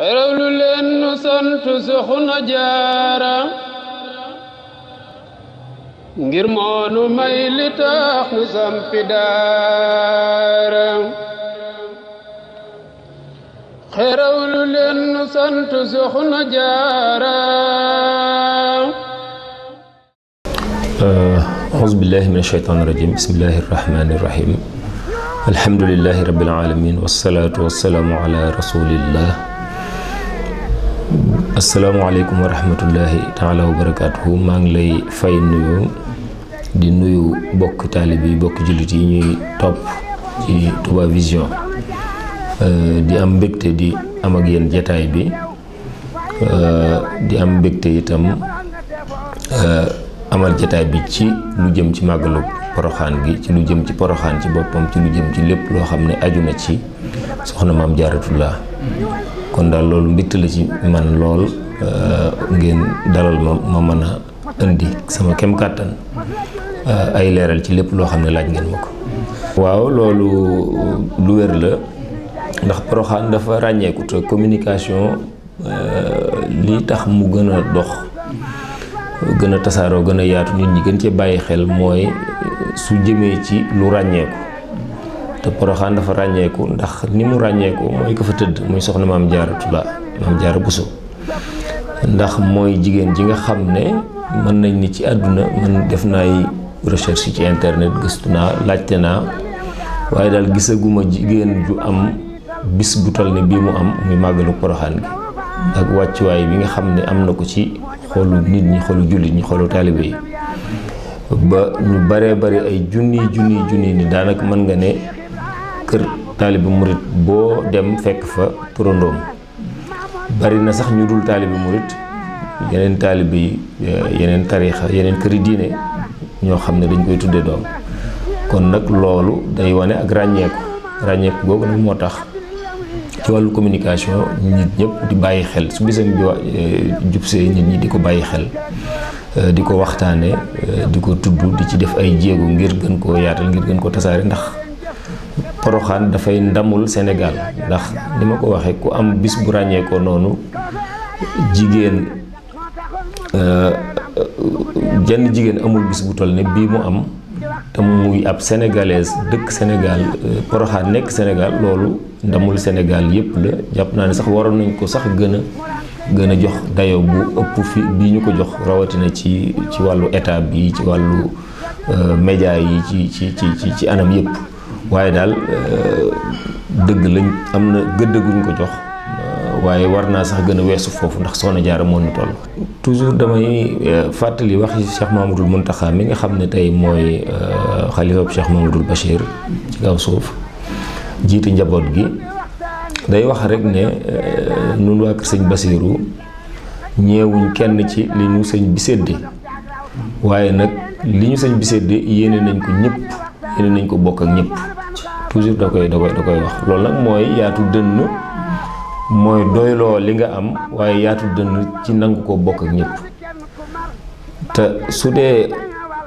rawlu leen nu sant Soxna Jaara ngir moonu may li tax nu sampi daara xerawlu leen nu sant Soxna Jaara أعوذ بالله من الشيطان الرجيم بسم الله الرحمن الرحيم الحمد لله رب العالمين والصلاة والسلام على رسول الله asalaamaaleykum wa rahmatullahi taala wa barakaatuhu maa ngi lay fay nuyu di nuyu bokk taalib yi bokk jullit yi ñuy topp ci Touba Vision euh, di am mbégte di am ak bi euh, di am mbégte itam euh, amal jataay bi ci lu jëm ci màggalu poroxaan gi ci lu jëm ci poroxaan ci boppam ci lu jëm ci lépp loo xam ne aju na ci soxna maam jaaratullah kon daal loolu mbitt la ci man lool euh, ngeen dalal ma ma mën a indi sama kem kàttan euh, ay leeral ci lépp loo xam ne laaj ngeen ma ko. waaw loolu lu wér la ndax Porokhane dafa ràññeeku te communication euh, li tax mu gën a dox gën a tasaaroo gën a yaatu nit ñi gën cee bàyyi xel mooy su jëmee ci lu ràññeeku. te poroxaan dafa ràññeeku ndax ni mu ràññeeku mooy ko fa tëdd muy soxna maam jaara Tuubaa maam jaara Buso ndax mooy jigéen ji nga xam ne mën nañ ni ci àdduna man def naa ay recherche ci internet gëstu naa laajte naa waaye daal gisaguma jigéen ju am bis bu toll ne bii mu am muy màggalu poroxaan gi ak wàccuwaay bi nga xam ne am na ko ci xolu nit ñi xolu jullit ñi xolu taalibe ba ñu baree bari ay junni junni junni ni daanaka mën nga ne kër taalibi murit boo dem fekk fa turandoom bari na sax ñu dul taalibi murit yeneen taalibi eh, yeneen tariixa yeneen kër yi diine ñoo xam ne dañ koy tuddee doom kon nag loolu day wane ak ràññeeku ràññeeku googu nag moo tax ci wàllu communication nit ñëpp di bàyyi xel su bisam bi eh, jubsee nit ñi di ko bàyyi xel eh, di ko waxtaane di ko tudd di ci def ay jéego ngir gën ko yaatal ngir gën koo tasaare ndax poroxaan dafay ndamul Sénégal ndax ni ma ko waxee ku am bis bu ràññee noonu jigéen euh, jenn jigéen amul bis bu toll ne bii mu am te muy ab sénégalaise dëkk Sénégal euh, poroxaan nekk Sénégal loolu ndamul Sénégal yépp la jàpp naa ne sax waroon nañ ko sax gën a gën a jox dayo bu ëpp fi bii ñu ko jox rawatina ci ci wàllu état bi ci wàllu euh, média yi ci ci ci ci anam yépp waaye daal euh, dëgg lañ am na gëdd ko jox euh, waaye war naa sax gën a weesu foofu ndax soxna jaar moo ñu toll toujours damay euh, fàttali wax ci Cheikh Mamadou Mountakha mi nga xam ne tey mooy xalifab Cheikh Mamadou Bachir ci kaw suuf jiitu njaboot gi day wax rek ne nun waa kër sëñ Basiiru ñeewuñ kenn ci li ñu sëñ bi sédde waaye nag li ñu sëñ bi sédde yéene nañ ko ñëpp yéene nañ ko bokk ak ñëpp toujours da koy da koy da koy wax loolu nag mooy yaatu dënn mooy doyloo li nga am waaye yaatu dënn ci nangu ko bokk ak ñëpp te su dee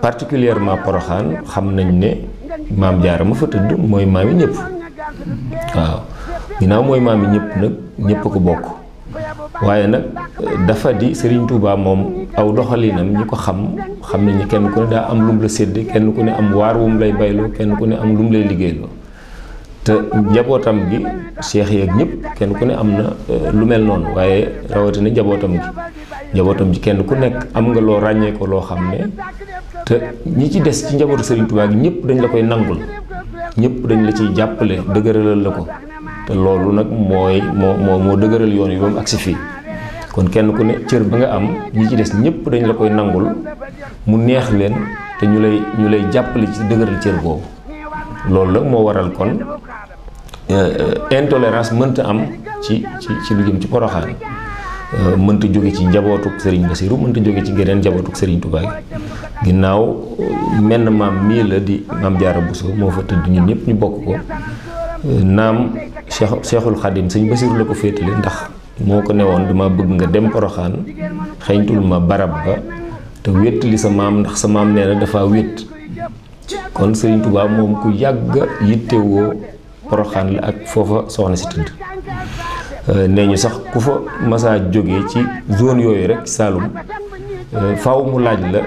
particulièrement poroxaan xam nañ ne maam jaara ma fa tëdd mooy maam yi ñëpp waaw ginnaaw mooy maam yi ñëpp nag ñëpp ko bokk waaye nag dafa di sëriñ Touba moom aw doxalinam ñi ko xam xam nañu kenn ku ne daa am lu mu la sédd kenn ku ne am waar wu mu lay bayloo kenn ku ne am lu mu lay liggéeyloo te njabootam bi seex yeeg ñëpp kenn ku ne am na euh, lu mel noonu waaye rawatina njabootam gi njabootam ji kenn ku nekk am nga loo ràññee ko loo xam ne te ñi ci des ci njabootu Serigne Touba gi ñëpp dañ la koy nangul ñëpp dañ la ciy jàppale dëgëralal la ko te loolu nag mooy moo dëgëral yoon yi ba mu agsi fii kon kenn ku ne cër ba nga am ñi ci des ñëpp dañ la koy nangul mu neex leen te ñu lay ñu lay jàppale ci dëgëral cër boobu loolu la moo waral kon Euh, intolérance mënta am ci ci ci lu jëm ci poroxaan euh, mënta jóge ci njabootuk Serigne Bassirou mënta jóge ci geneen njabootuk Serigne Touba gi ginnaaw euh, menn maam mii la di maam Jaara Bousso moo fa tëdd ñun ñëpp ñu bokk ko naam Cheikh Cheikhul Khadim Serigne la ko féetale ndax moo ko ne newoon dama bëgg nga dem poroxaan xeeñtul ma barab ba te wétt li sa maam ndax sa maam nee na dafa wétt kon Serigne Touba moom ku yàgg yittewoo poroxaan la ak foofa soxna si tëdd nee ñu sax ku fa masaa jóge ci zone yooyu rek Saalum euh, faaw mu laaj la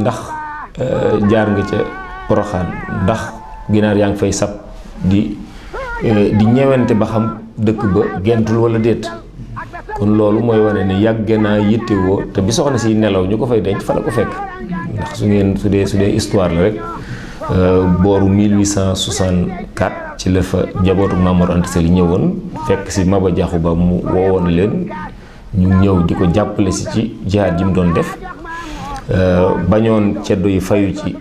ndax euh, jaar nga ca poroxaan ndax ginaar yaa ngi fay sab di euh, di ñewante ba xam dëkk ba gentul wala déet kon loolu mooy wane ne yàgg naa woo te bi soxna si nelaw ñu ko fay denc fa la ko fekk ndax su ngeen su dee su dee histoire la rek booru ci la fa njabootu Maam Mor Anta Sali ñëwoon fekk si Maba Jaxu Ba mu woowoon leen ñu ñëw di ko jàppale si ci jihaad yi mu doon def euh, bañoon ceddo yi fayu ci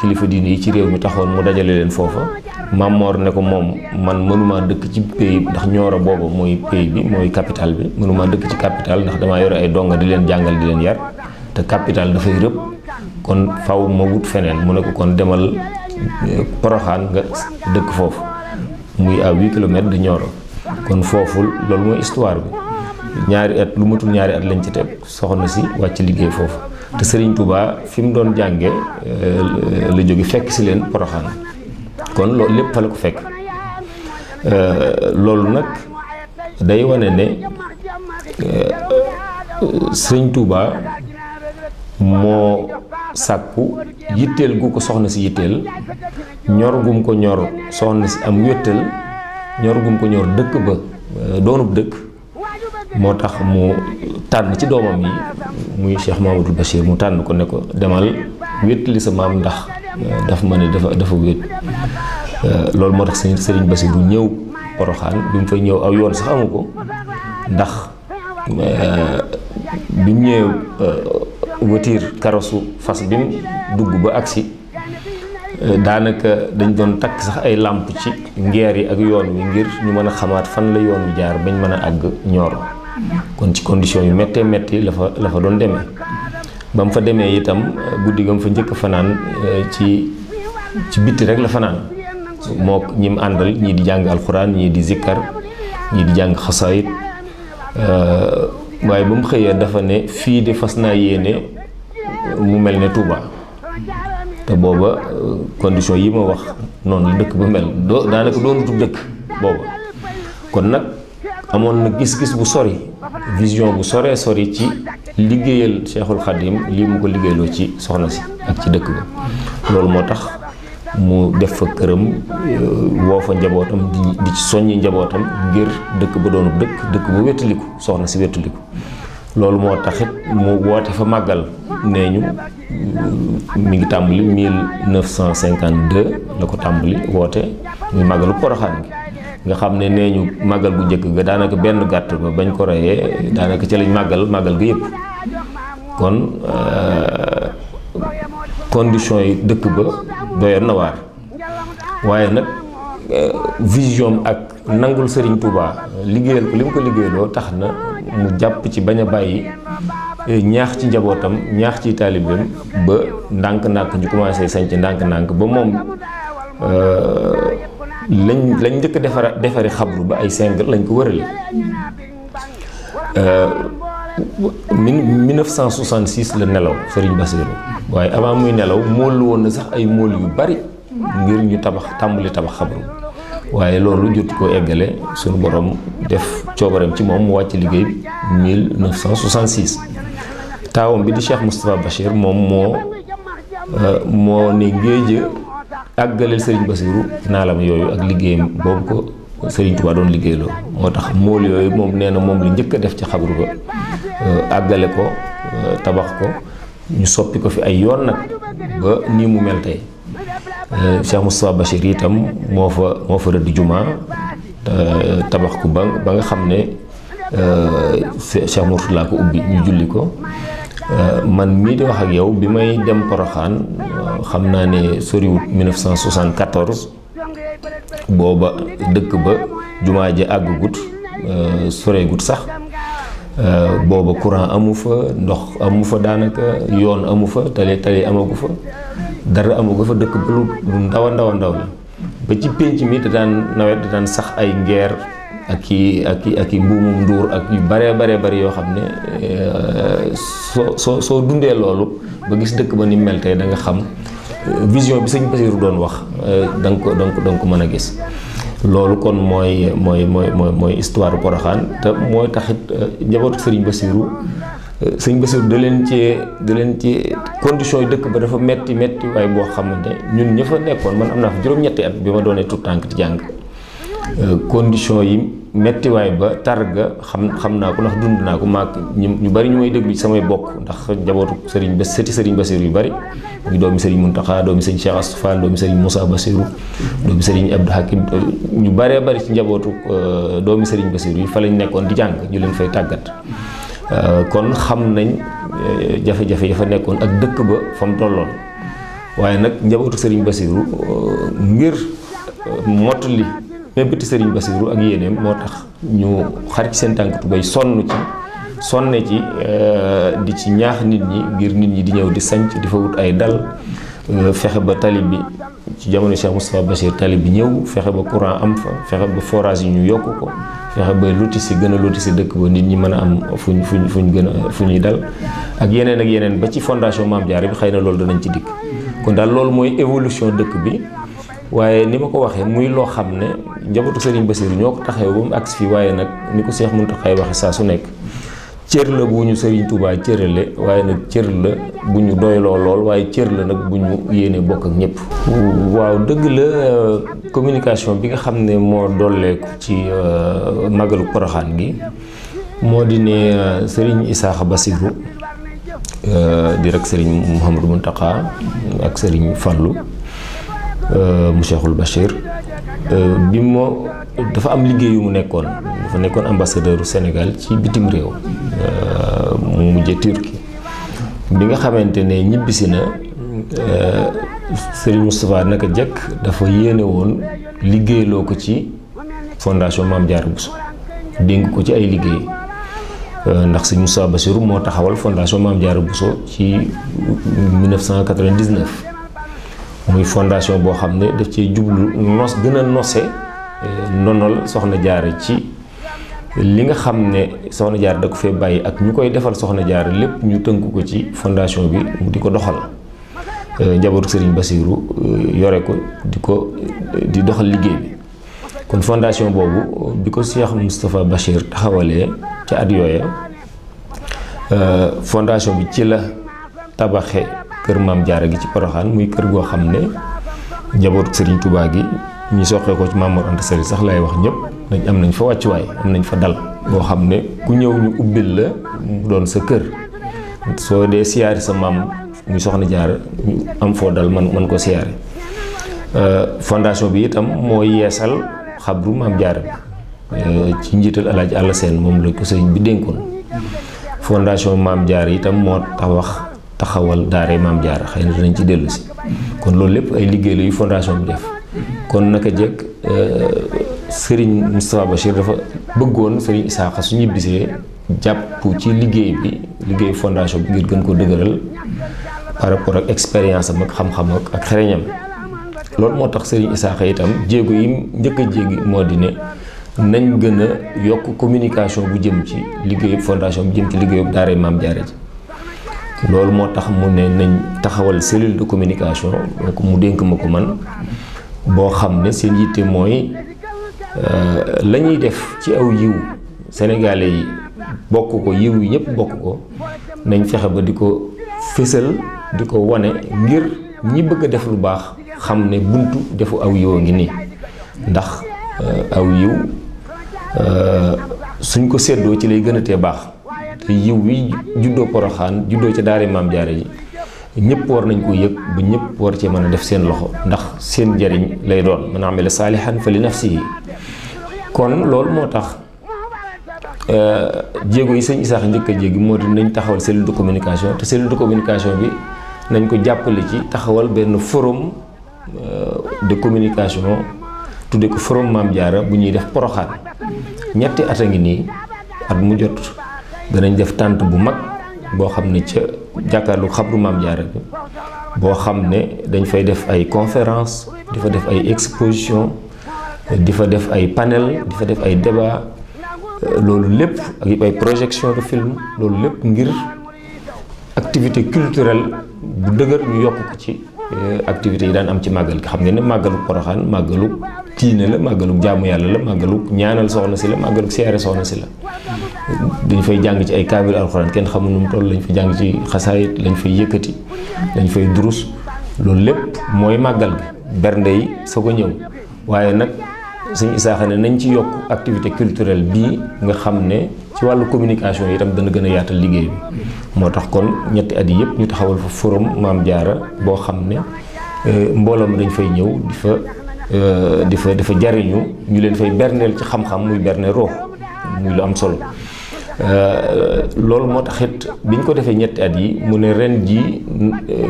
kilifa diine yi ci réew mi taxoon mu dajale leen foofa Maam Mor ne ko moom man mënuma dëkk ci pays ndax ñooro booba mooy pays bi mooy capital bi mënuma dëkk ci capital ndax damaa yore ay donga di leen jàngal di leen yar te capital dafay rëbb kon faw ma wut feneen mu ne ko kon demal euh, poroxaan nga dëkk foofu muy à huit kilomètres de Nioro kon foofu loolu mooy histoire bi ñaari at lu matul ñaari at lañ ci teg soxna si wàcc liggéey foofu te Serigne Touba fi mu doon jànge euh, la jóge fekk si leen Poroxaan kon loolu lépp fa la ko fekk euh, loolu nag day wane ne euh, Serigne Touba moo. sàkku yitteel gu ko soxna si yitteel ñor gum ko ñor soxna si am wéttal ñor gum ko ñor dëkk ba euh, doonub dëkk moo tax mu tànn ci doomam yi muy Cheikh Mamadou Bachir mu tànn ko ne ko demal wéttali sa maam ndax euh, daf ma ne dafa dafa wét euh, loolu moo tax sëñ Sëriñ Bachir bu ñëw Poroxaan bi mu fay ñëw aw yoon sax amu ko ndax bi mu watiir karosu fas bi dugg ba agsi euh, daanaka dañ doon takk sax ay làmp ci ngeer yi ak yoon wi ngir ñu mën a xamaat fan la yoon wi jaar bañ mën a àgg ñooro kon ci condition yu méttee metti la fa la fa doon demee ba mu fa demee itam euh, guddi ga mu fa njëkk fanaan euh, ci ci bitti rek la fanaan moo ñi àndal ñii di jàng alxuraan ñii di zikkar ñii di jàng xasaayit waaye ba mu xëyee dafa ne fii di fas naa yéene mu mel ne Touba te booba euh, condition yi ma wax noonu la dëkk ba mel doo daanaka doonu dëkk booba kon nag amoon na gis-gis bu sori vision bu soree sori ci liggéeyal Cheikhul Khadim lii mu ko liggéeyloo ci soxna si ak ci dëkk ba loolu moo tax mu def fa këram euh, woo fa njabootam di di ci soññi njabootam ngir dëkk ba doonu dëkk dëkk ba wétaliku soxna si wétaliku loolu moo taxit mu woote fa màggal nee ñu euh, mi ngi tàmbali 1952 la ko tàmbali woote ñu màggalu poroxaan gi nga xam ne nee ñu màggal bu njëkk ga daanaka benn gàtt ba bañ ko reyee daanaka ci lañ màggal màggal ga yëpp kon euh, condition yi dëkk ba doyoon na waar waaye nag euh, vision ak nangul Serigne Touba liggéeyal ko li mu ko liggéeyaloo tax na mu jàpp ci bañ a bàyyi euh, ñaax ci njabootam ñaax ci taalibeem ba ndànk-ndànk ñu commencé sañc ndànk-ndànk ba moom euh, lañ lañ njëkk defara defari xabru ba ay seng lañ ko wërale 1966 la nelaw Serigne Bassirou waaye avant muy nelaw mool woon na sax ay mool yu bari ngir ñu tabax tàmbali tabax xabru waaye loolu jot ko eggale sunu borom def coobareem ci moom mu wàcc liggéey 1966 taawam bi di Cheikh Moustapha Bachir moom moo euh, moo ne ngéej àggaleel sëriñ Bassirou naalam yooyu ak liggéeyam boobu ko sëriñ Touba doon liggéeyloo moo tax mool yooyu moom nee na moom li njëkk a def ci xabru ba euh, àggale ko euh, tabax ko ñu soppi ko fi ay yoon nag ba nii mu mel tey euh, Cheikh Moustapha Bachir itam moo fa moo fa rëdd juma euh, tabax ko ba ba nga xam ne euh, Cheikh Mourtala ko ubbi ñu julli ko man mii di wax ak yow bi may dem Poroxaan xam naa ne soriwut 1974 booba dëkk ba jumaa ji àggugut soreegut sax Euh, booba courant amu fa ndox amu fa daanaka yoon amu fa tali tali amagu fa dara amagu fa dëkk ba lu ndaw a ndaw ndaw la ba ci pénc mi da daan nawet da daan sax ay ngeer ak i ak i ak i mbuumum nduur ak yu baree baree bari yoo xam ne euh, soo soo soo dundee loolu ba gis dëkk ba ni mel tey da nga xam euh, vision bi sëñ Basiru doon wax da nga ko da da nga ko mën a gis loolu kon mooy mooy mooy mooy mooy histoire Porokhane te mooy taxit euh, njabootu sëriñ Bassirou euh, Serigne Bassirou da leen ci da leen ci condition yi dëkk ba dafa metti metti waaye boo ne ñun ña fa nekkoon man am naa fa juróom-ñetti at bi ma doonee tout tànk di jàng euh, condition yi mettiwaay ba tar ga xam xam naa ko ndax dund naa ko maak ñu bari ñu may déglu samay bokk ndax njabootu sëriñ ba sëti sëriñ Basiru yu bari muy doomi sëriñ Muntaxa doomi sëriñ Cheikh Astoufal doomi sëriñ Moussa Basiru doomi sëriñ Abdou Hakim ñu baree bari ci njabootu euh, doomi sëriñ Basiru yi fa lañ nekkoon di jàng ñu leen fay tàggat euh, kon xam nañ euh, jafe-jafe ya fa nekkoon ak dëkk ba fa mu tolloon waaye nag njabootu sëriñ Basiru ngir li mais bëti Serigne Bassirou ak yéeneem moo tax ñu xar seen tànk tubéy sonn ci sonne ci euh, di ci ñaax nit ñi ngir nit ñi di ñëw di sanc di fa wut ay dal euh, fexe ba tali bi ci jamono Cheikh Moustapha Bachir tali bi ñëw fexe ba courant am fa fexe ba forage yi ñu yokk ko fexe ba loti si gën a loti si dëkk ba nit ñi mën a am fuñ fuñ fuñ gën a fu ñuy dal ak yeneen ak yeneen ba ci fondation Mame Diarra bi xëy na loolu danañ ci dikk kon daal loolu mooy évolution dëkk bi waaye ni loo xam ne njabootu Serigne Bassir ñoo ko taxaw ba mu agsi fii waaye nag ni ko Cheikh Mountakha waxe saa su nekk cër la bu ñu Serigne Touba cërale waaye nag cër la bu ñu doyloo lool waaye cër la nag bu ñu yéene bokk ak ñëpp. waaw dëgg la communication bi nga xam ne moo dolleeku ci euh, màggalu Poroxaan gi moo di ne euh, Serigne Isaaxa Bassirou euh, di rek Serigne Mouhamadou Mountakha ak Serigne Fallou. Euh, mu Cheikhul Bachir euh, bi moo dafa am liggéey yu mu nekkoon dafa nekkoon ambassadeur senegal ci bitim réew euh, mu mujje Turquie bi nga xamante ne ñibbisi na Serigne Moustapha naka jëkk dafa yéene woon liggéeyaloo ko ci fondation Mame Diarra Bousso dénk ko ci ay liggéey ndax Serigne Moustapha Bassirou moo taxawal fondation Mame Diarra Bousso ci 1999 muy fondation boo xam ne daf cee jublu nos gën a nose eh, ndonol soxna jaara ci li nga xam ne soxna jaar da ko fee bàyyi ak ñu koy defal soxna jaar lépp ñu tënk ko ci fondation bi di ko doxal eh, njabootu Serigne Basiiru eh, yore ko di ko di doxal liggéey bi kon fondation boobu bi ko Cheikh Moustapha Bachir taxawalee ca at yooya fondation bi ci la tabaxe kër maam jaara gi ci poroxaan muy kër goo xam ne njabootu sëriñ tubaa gi ñu soxee ko ci Mamour Anta Sali sax lay wax ñëpp nañ am nañ fa waaye am nañ fa dal boo xam ne ku ñëw ñu ubbil la mu doon sa kër soo dee siyaari sa maam muy soxna jaara ñu am foo dal man man ko siyaare euh, fondation bi itam moo yeesal xabru maam jaara bi euh, ci njiital alaaji àll seen moom la ko sëriñ bi dénkoon fondation maam jaara itam moo tax wax taxawal daare maam jaara xëy na dinañ ci dellu si kon loolu lépp ay liggéey la yu fondation bi def kon naka jekk euh, Serigne Moustapha Bachir dafa bëggoon Serigne Isaaxa su ñibbisee jàpp ci liggéey bi liggéey fondation bi ngir gën ko dëgëral par rapport ak expérience am ak xam-xam ak ak xereñam loolu moo tax Serigne Isaaxa itam jéego yi njëkk a jéegi moo di ne nañ gën a yokk communication bu jëm ci liggéeyub fondation bu jëm ci liggéeyub daaree maam jaara ji loolu moo tax mu ne nañ taxawal cellule de communication donc mu dénk ma ko man boo xam ne seen yitte mooy euh, la ñuy def ci aw yiw sénégalais yi bokk ko yiw yi ñëpp bokk ko nañ fexe ba di ko fësal di ko wane ngir ñi bëgg def lu baax xam ne buntu defu aw yiw a ngi nii ndax euh, aw yiw euh, suñ ko seddoo ci lay gën a tee baax yiw bi juddoo poroxaan juddoo ca daare maam jaare ji ñëpp war nañ ko yëg ba ñëpp war cee mën a def seen loxo ndax seen jariñ lay doon man amila saalihan fa li nafsihi kon loolu moo tax euh, jéego yi sëñ Isaax njëkk a jéegi moo di nañ taxawal cellule de communication te cellule de communication bi nañ ko jàppale ci taxawal benn forum euh, de communication tuddee ko forum Maam Jaara bu ñuy def poroxaan ñetti at a ngi nii at mu jot danañ def tànt bu mag boo xam ne ca jàkkaarlu xabru maam jaara bi boo xam ne dañ fay def ay conférence di fa def ay exposition di fa def ay panel di fa def ay débat euh, loolu lépp ak yëpp ay projection de film loolu lépp ngir activité culturelle bu dëgër ñu yokk ko ci Euh, activité yi daan am ci màggal gi xam ngeen ne màggalu poroxaan màggalu diine la màggalu jaamu yàlla la màggalu ñaanal soxna si la màggalu siyaare soxna si la dañ fay jàng ci ay kaamil alxuraan kenn xamul nu mu toll lañ fay jàng ci xasaayit lañ fay yëkkati lañ fay durus loolu lépp mooy màggal bi bernde yi soo ko ñëw waaye nag sëñ Isaaxa ne nañ ci yokk activité culturelle bii nga xam ne ci wàllu communication yi itam dana gën a yaatal liggéey moo tax kon ñetti at yi yëpp ñu taxawal fa forum Maam Jaara boo xam ne euh, mbooloo mi dañ fay ñëw di fa euh, di fa dafa jariñu ñu leen fay berneel ci xam-xam muy berne roox muy lu am solo euh, loolu moo taxit bi ñu ko defee ñetti at yi mu ne ren ji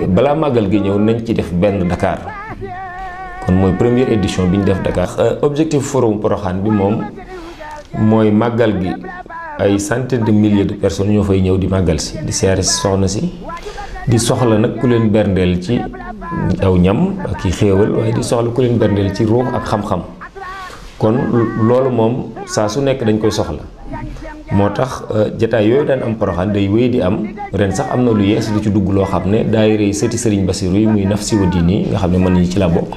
balaa màggal gi ñëw nañ ci def benn Dakar kon mooy première édition bi ñu def Dakar. Euh, objectif forum Porokhane bi moom mooy màggal gi ay centaine de milliers de personne ñoo fay ñëw di màggal si di siyaare si si di soxla nag ku leen berndeel ci aw ñam ak i xéewal waaye di soxla ku leen berndeel ci ruux ak xam-xam kon loolu moom saa su nekk dañ koy soxla. moo tax euh, jataay yooyu daan am poroxaan day wéy di am ren sax am na lu yees lu ci dugg loo xam ne daayira yi sëti sëriñ Basiru yi muy naf si wa diini nga xam ne mën nañu ci la bokk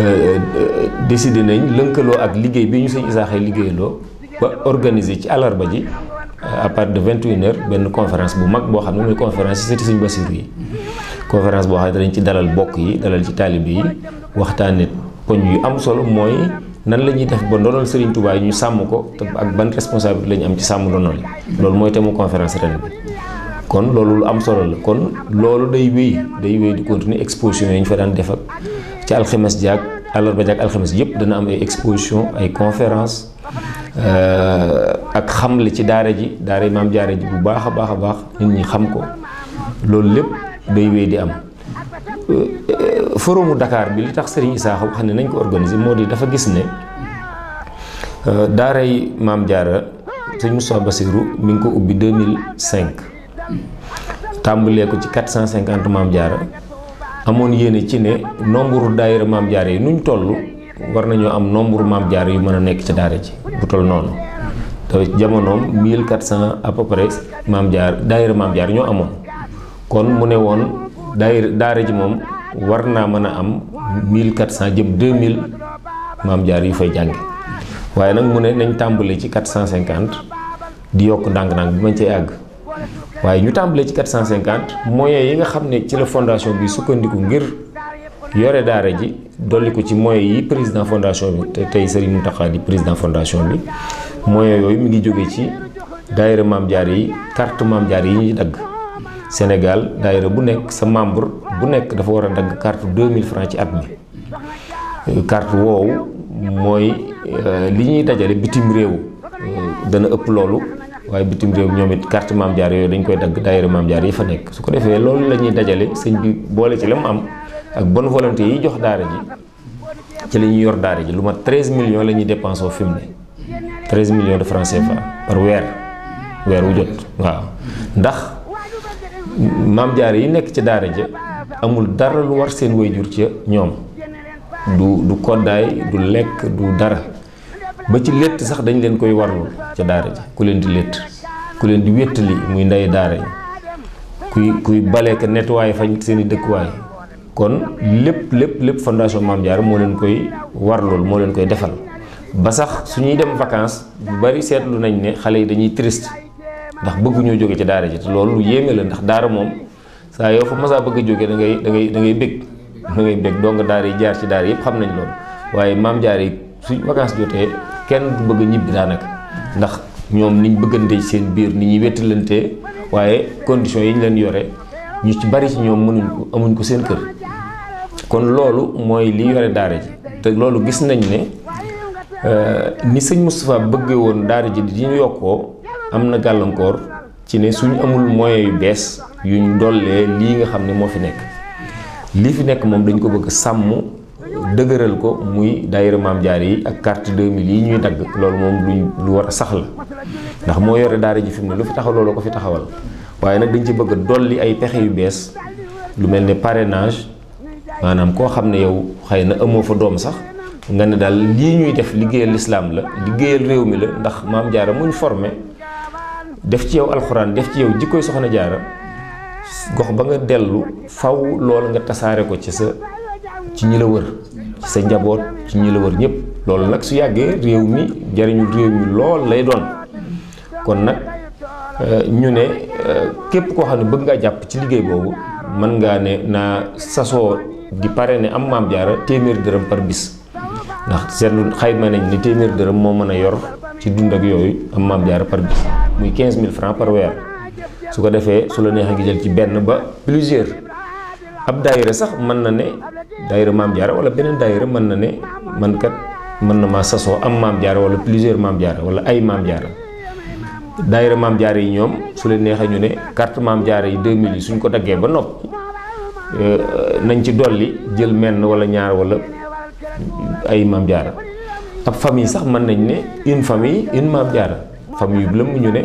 euh, euh, décidé nañ lënkaloo ak liggéey bi ñu sëñ Isaaxa liggéeyaloo ba organiser ci àllarba ji à partir de 21 heures benn conférence bu mag boo xam ne mooy conférence yi sëti sëriñ Basiru yi conférence boo xam ne dañ ci dalal bokk yi dalal ci taalibe yi waxtaane poñ yu am solo mooy nan la ñuy def ba ndonal Serigne Touba ñu sàmm ko te ak ban responsabilité la am ci sàmm ndonal loolu mooy thème conférence ren bi kon loolu lu am solo la kon loolu day wéy day wéy di continuer exposition yi ñu fa daan def ak ci alxemes jaag àllarba jaag alxemes yëpp dana am ay exposition ay conférence euh, ak xam xamle ci daara ji daara yi maam jaare ji bu baax a baax a baax nit ñi xam ko loolu lépp day wéy di am forumu Dakar bi li tax seriñ Issakha xam ni nañ ko organiser moo di dafa gis ne euh, daaray Maam Jaara Serigne Moustapha Bassirou mi ngi ko ubbi 2005 tàmbalee ko ci 450 Maam Jaara amoon yéene ci ne nombre daayira Maam Jaara yi nuñ toll war nañoo am nombre Maam Jaara yu mën a nekk ci daara ji bu toll noonu te jamonoom 1400 à peu près Maam jaar daayira Maam jaar ñoo amoon kon mu ne woon daayira daare ji moom war naa mën a am 1400 jëm 2000 maam jaar yu fay jànge waaye nag mu ne nañ tàmbalee ci cinquante di yokk ndànk-ndànk bi mañ cay àgg waaye ñu tàmbale ci cinquante moyens yi nga xam ne ci la fondation bi sukkandiku ngir yore daare ji dolli ko ci moyens yi président fondation bi te tey Serigne Mountakha di président fondation bi moyens yooyu mi ngi jóge ci daayira maam jaar yi carte maam jaar yi ñu dagg Sénégal daayira bu nekk sa membre bu nekk dafa war a dagg carte 2000 francs ci at bi euh, carte woowu mooy euh, li ñuy dajale bitim réew euh, dana ëpp loolu waaye bitim réew ñoom it carte Maam Jaara yooyu dañ koy dagg daayira Maam yi fa nekk su ko defee loolu la ñuy dajale sëñ bi boole ci la mu am ak bonne volonté yi jox daara ji ci la ñuy yor daara ji lu mat 13 million la ñuy dépensé fi mu ne 13 millions de francs par weer weer wu jot waaw maam jaare yi nekk ci daara ja amul dara lu war seen wayjur ca ñoom du du koddaay du lekk du dara ba ci létt sax dañ leen koy warlul ca daara ja ku leen di létt ku leen di wéttali muy ndey daara yi kuy kuy baleeka nettoyé fañ seen i dëkkuwaay kon lépp lépp lépp fondation maam jaare moo leen koy warlul moo leen koy defal ba sax su ñuy dem vacances bu bari seetlu nañ ne xale yi dañuy trist ndax bëgguñoo jóge ci daara ji te loolu yéeme la ndax daara moom saa yoo fa masaa bëgg a jóge da dangay da ngay da ngay bég da dong daara yi jaar ci daara yëpp xam nañ loolu waaye maam jaar yi suñ vacances jotee kenn du bëgg ñibbi daanaka ndax ñoom niñ bëggante seen biir ni ñuy wettalantee waaye conditions yi ñu leen yore ñu ci bari ci ñoom mënuñ ko amuñ ko seen kër kon loolu mooy li yore daara ji te loolu gis nañ ne euh, ni sëñ Moustapha bëgg woon daara ji di yokkoo am na gàllankoor ci ne suñ amul moyens yu bees yuñ dollee lii nga xam ne moo fi nekk lii fi nekk moom dañ ko bëgg sàmm dëgëral ko muy daayira maam jaare yi ak carte 2000 yi ñuy dagg loolu moom luñ lu war a sax ndax moo yore daara ji fi mu ne lu fi taxaw loolu ko fi taxawal waaye nag dañ ci bëgg a dolli ay pexe yu bees lu mel ne parenage maanaam koo xam ne yow xëy na amoo fa doom sax nga ne daal lii ñuy def liggéeyal lislaam la liggéeyal réew mi la ndax maam jaara muñ formé def ci yow alxuraan def ci yow jikkoy soxna jaara gox ba nga dellu faw loolu nga tasaare ko ci sa ci ñi la wër sa njaboot ci ñi la wër ñëpp loolu nag su yàggee réew mi jariñu réew mi lool lay doon kon nag euh, ñu ne euh, képp koo xam ne bëgg ngaa jàpp ci liggéey boobu mën ngaa ne na sasoo di pare ne am maam jaara téeméer dërëm par bis ndax seetlu xayma nañ ni téeméer dërëm moo mën a yor ci dund ak yooyu am maam jaara par bis muy 15000 francs par weer su ko defee su la neexee ngi jël ci benn ba plusieurs ab dayre sax mën na ne daayira maam jaara wala beneen dayre mën na ne man kat mën na maa sasoo am maam jaara wala plusieurs maam jaara wala ay maam jaara daayira maam jaara yi ñoom su leen neexee ñu ne carte maam jaara yi 2000 yi suñ ko daggee ba noppi euh, nañ ci dolli jël menn wala ñaar wala ay maam jaara ab famille sax mën nañ ne une famille une maam jaara famille bu lëmm ñu ne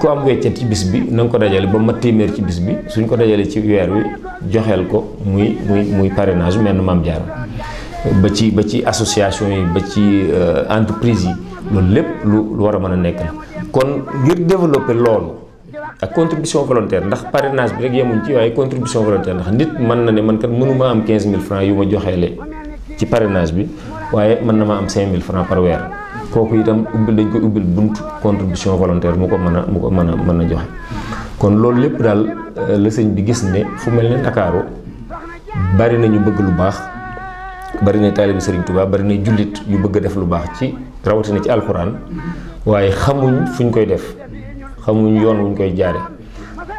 ku am weccet ci bis bi na ko dajale ba ma téeméer ci bis bi suñ ko dajale ci weer wi joxeel ko muy muy muy parrainage mel na maam jaara ba ci ba ci association yi ba ci euh, entreprise yi loolu lépp lu lu war a mën a nekk la kon ngir développer loolu ak contribution volontaire ndax parrainage bi rek yemuñ ci waaye contribution volontaire ndax nit mën na ne man kat mënuma am 15000 francs yu ma joxeele ci parrainage bi waaye mën na ma am 5000 francs par weer kooku itam ubbil dañ koy ubbil bunt contribution volontaire mu ko mën a mu ko mën a mën a joxe kon loolu lépp daal euh, la bi gis ne fu mel ne Ndakaaru bari na ñu bëgg lu baax bari na taalibi Sëriñ Tuubaa bari na jullit yu bëgg a def lu baax ci rawatina ci alxuraan waaye xamuñ fuñ koy def xamuñ yoon wuñ koy jaare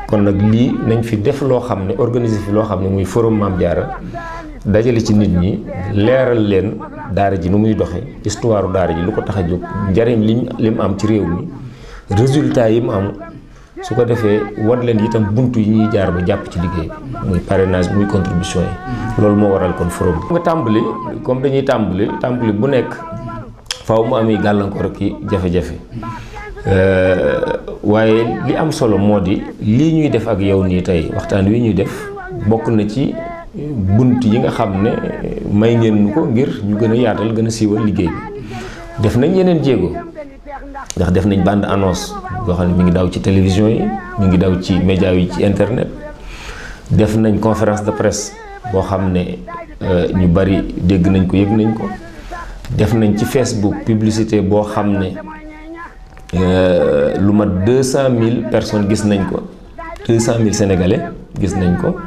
kon nag lii nañ fi def loo xam ne organiser fi loo xam ne muy forum Maam Jaara dajale ci nit ñi leeral leen daara ji nu muy doxe histoire daara ji lu ko tax a jóg njariñ li li mu am ci réew mi résultat yi mu am su ko defee wan leen itam bunt yi ñuy jaar ba jàpp ci liggéey bi muy parrainage muy contribution yi loolu moo waral kon forum bi nga tàmbali comme dañuy tàmbali tàmbali bu nekk faaw mu amee gàllankoor ak i jafe-jafe euh, waaye li am solo moo di lii ñuy def ak yow nii tey waxtaan wi ñuy def bokk na ci bunt yi nga xam ne may ngeen ko ngir ñu gën a yaatal gën a siiwal liggéey def nañ yeneen jéego ndax def nañ bande annonce boo xam ne mi ngi daw ci télévision yi mu ngi daw ci média yi ci internet def nañ conférence de presse boo xam ne euh, ñu bari dégg nañ ko yëg nañ ko def nañ ci Facebook publicité boo xam ne euh, lu mat deux cent mille personnes gis nañ ko deux cent mille sénégalais gis nañ ko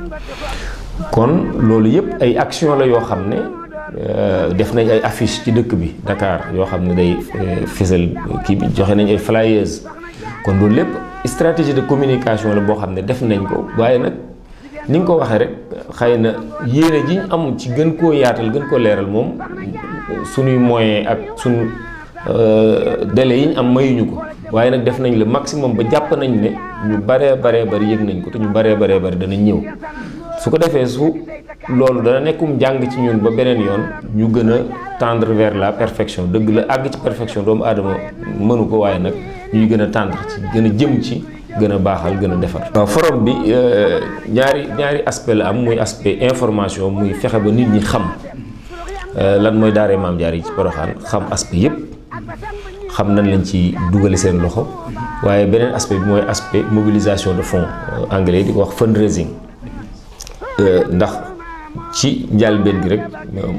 kon loolu yëpp ay action la yoo xam ne euh, def nañ ay affiche ci dëkk bi Dakar yoo xam ne day euh, fésal kii bi joxe nañ ay flyers kon loolu lépp stratégie de communication la boo xam ne def nañ ko waaye nag ni nga ko waxee rek xëy na yéene ji ñu am ci gën koo yaatal gën koo leeral moom suñuy moyen ak suñu euh, délai yi ñu am mayuñu ko waaye nag def nañ le maximum ba jàpp nañ ne ñu baree baree bari yëg nañ ko te ñu baree baree bari danañ ñëw su ko defee su loolu dana nekkum jàng ci ñun ba beneen yoon ñu gën a tendre vers la perfection dëgg la àgg ci perfection doomu aadama mënu ko waaye nag ñuy gën a tendre ci gën a jëm ci gën a baaxal gën a defar. waaw forum bi euh, ñaari ñaari aspect la am muy aspect information muy fexe ba nit ñi xam euh, lan mooy daaree maam jaar yi ci Porokhane xam aspect yépp xam nan lañ ci dugale seen loxo waaye beneen aspect bi mooy aspect mobilisation de fonds euh, anglais di ko wax fundraising. Euh, ndax ci njàlbeen gi rek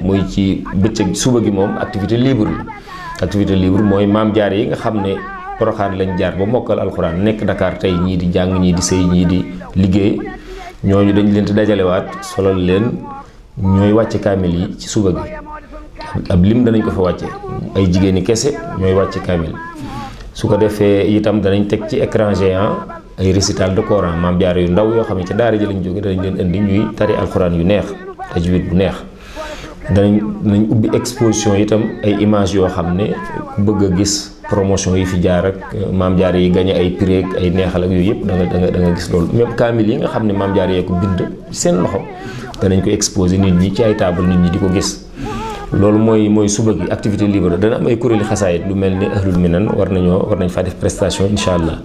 muy ci bëccëg suba gi moom activité libre la activité libre mooy maam jaar yi nga xam ne poroxaan lañ jaar ba mokkal alxuraan nekk Dakar tey ñii di jàng ñii di sëy ñii di liggéey ñooñu dañ leen di dajalewaat solal leen ñooy wàcce kaamil yi ci suba gi ab lim danañ ko fa wàcce ay jigéeni kese ñooy wàcce kaamil su ko defee itam danañ teg ci écran géant ay récital de Coran maam jaare yu ndaw yoo xam ne ci daara ji lañ jóge danañ leen indi ñuy tari alxuraan yu neex tajwid bu neex danañ danañ ubbi exposition itam ay images yoo xam ne bëgg a gis promotion yi fi jaar ak euh, maam jaar yi gañe ay prix ak ay neexal ak yooyu yëpp da nga da nga gis loolu même kaamil yi nga xam ne maam jaare yee ko bind seen loxo danañ ko exposé nit ñi ci ay table nit ñi di ko gis loolu mooy mooy suba gi activité libre dana am ay kuréeli xasaayit lu mel ni ahlul minan war nañoo war nañ faa def prestation incha allah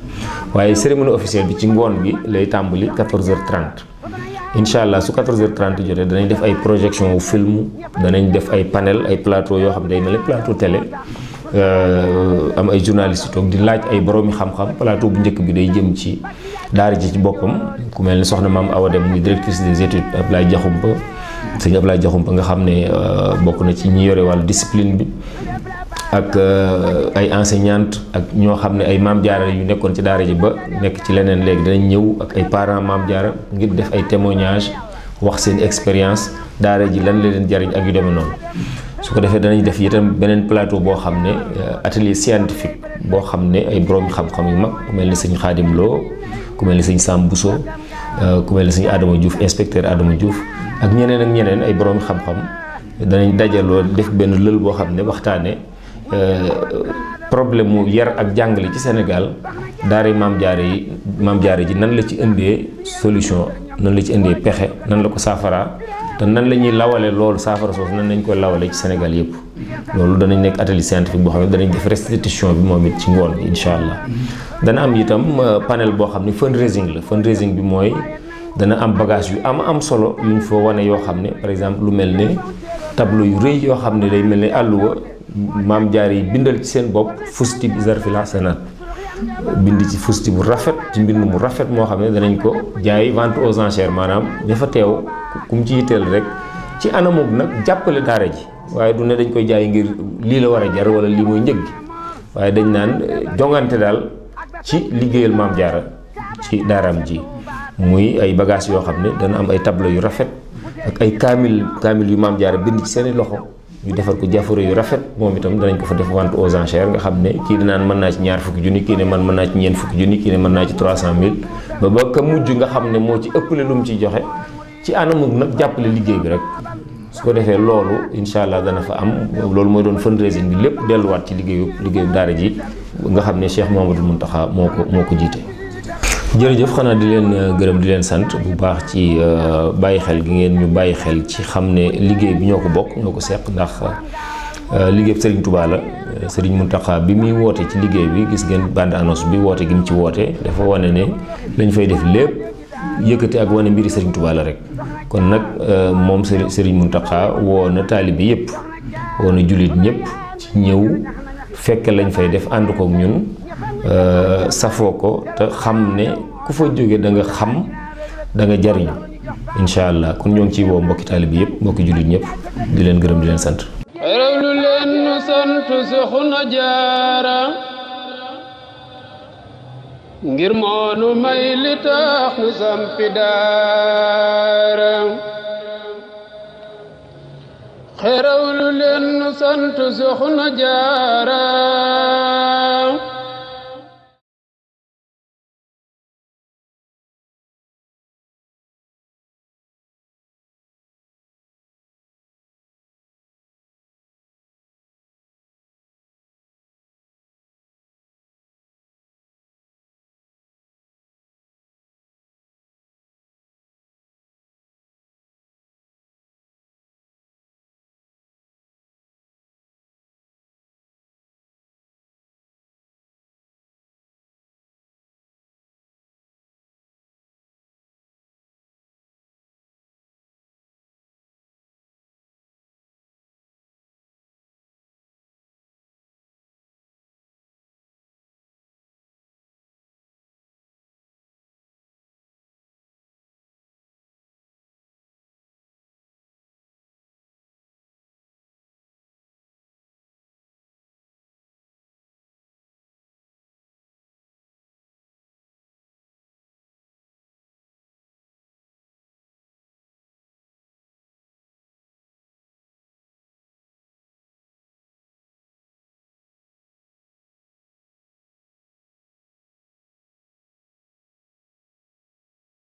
waaye cérémonie officielle bi ci ngoon bi lay tàmbali 14h30 incha allah su 14h30 jotee danañ def ay projection wu film danañ def ay panel ay plateau yoo xam ne day mel ni plateau télé euh, am ay journalistes toog di laaj ay boroomi xam-xam plateau bu njëkk bi day jëm ci daara ji ci boppam ku mel ni soxna maam Awa Dem muy directrice des études sëñ Ablaye Diakhoumpa nga xam ne euh, bokk na ci ñi yore wàllu discipline bi ak euh, ay enseignante ak ñoo xam ne ay maam jaara yu nekkoon ci daara ji ba nekk ci leneen léegi danañ ñëw ak ay parents maam jaara ngir def ay témoignage wax seen expérience daara ji lan la jariñ ak yu demee noonu su ko defee danañ def itam beneen plateau boo xam ne euh, atelier scientifique boo xam ne ay borom xam-xam yu mag ku mel ni sëñ Xaadim ku mel ni sëñ Sam Bousso ku mel ni sëñ Adama Diouf inspecteur Adama Diouf ak ñeneen ak ñeneen ay borom xam-xam danañ dajaloo def benn lël boo xam ne waxtaane euh, problème mu yar ak jàngale ci Sénégal daara maam jaare yi maam jaare ji nan la ci indee solution nan la ci indee pexe nan la ko saafara te nan la ñuy lawale loolu saafara soosu nan lañ koy lawale ci Sénégal yëpp loolu danañ nekk atelier scientifique boo xam ne danañ def restitution bi moom it ci ngoon bi incha allah dana am itam euh, panel boo xam ne fundraising la fundraising bi mooy dana am bagage yu am am solo yuñ foo wane yoo xam ne par exemple lu mel ne tableau yu rëy yoo xam ne day mel ne àlluwa maam jaar yi bindal ci seen bopp fusti bi zarfila sanat bind ci fusti bu rafet ci mbind mu rafet moo xam ne danañ ko jaay vente aux maanaam ña fa teew ku mu ci yitteel rek ci anamug nag jàppale daara ji waaye du ne dañ koy jaay ngir lii la war a jar wala lii mooy njëg gi waaye dañ naan eh, jongante daal ci liggéeyal maam jaara ci daaraam ji muy ay bagages yoo xam ne dana am ay tableau yu rafet ak ay kaamil kaamil yu maam jaara bind ci seeni loxo ñu defar ko jafaro yu rafet moom itam danañ ko fa def vente aux enchères nga xam ne kii dinaan mën naa ci ñaar fukki junni kii ne man naa ci ñeent fukki junni kii ne mën naa ci 300000 ba nga xam ne moo ci ëppale lu mu ci joxe ci anamug nag jàppale liggéey bi rek su ko defee loolu incha allah dana fa am loolu mooy doon fundraising bi lépp delluwaat ci liggéeyu liggéeyu daara ji nga xam ne Cheikh Mouhamadoul Mountakha moo ko moo ko jiite. jërëjëf xanaa di leen euh, gërëm di leen sant bu baax ci euh, bàyyi xel gi ngeen ñu bàyyi xel ci xam ne liggéey bi ñoo ko bokk ñoo ko seq ndax euh, liggéey bi Serigne Touba sëriñ Serigne Mountakha bi muy woote ci liggéey bi gis ngeen bande annonce bi woote gi mu ci woote dafa wane ne lañ fay def lépp yëkkati ak wane mbiri Serigne tubaala rek kon nag moom Serigne Mountakha woo na taalibe yëpp woo na jullit ñëpp ñëw fekk lañ fay def ànd kook ñun. Euh, safoo ko te xam ne ku fa jóge da nga xam da nga jariñu incha allah kon ñoo ngi ciy woo mbokki taalibe yëpp mbokki jullit ñëpp di leen gërëm di leen sant rewlu leen nu sant Soxna Jaara ngir moonu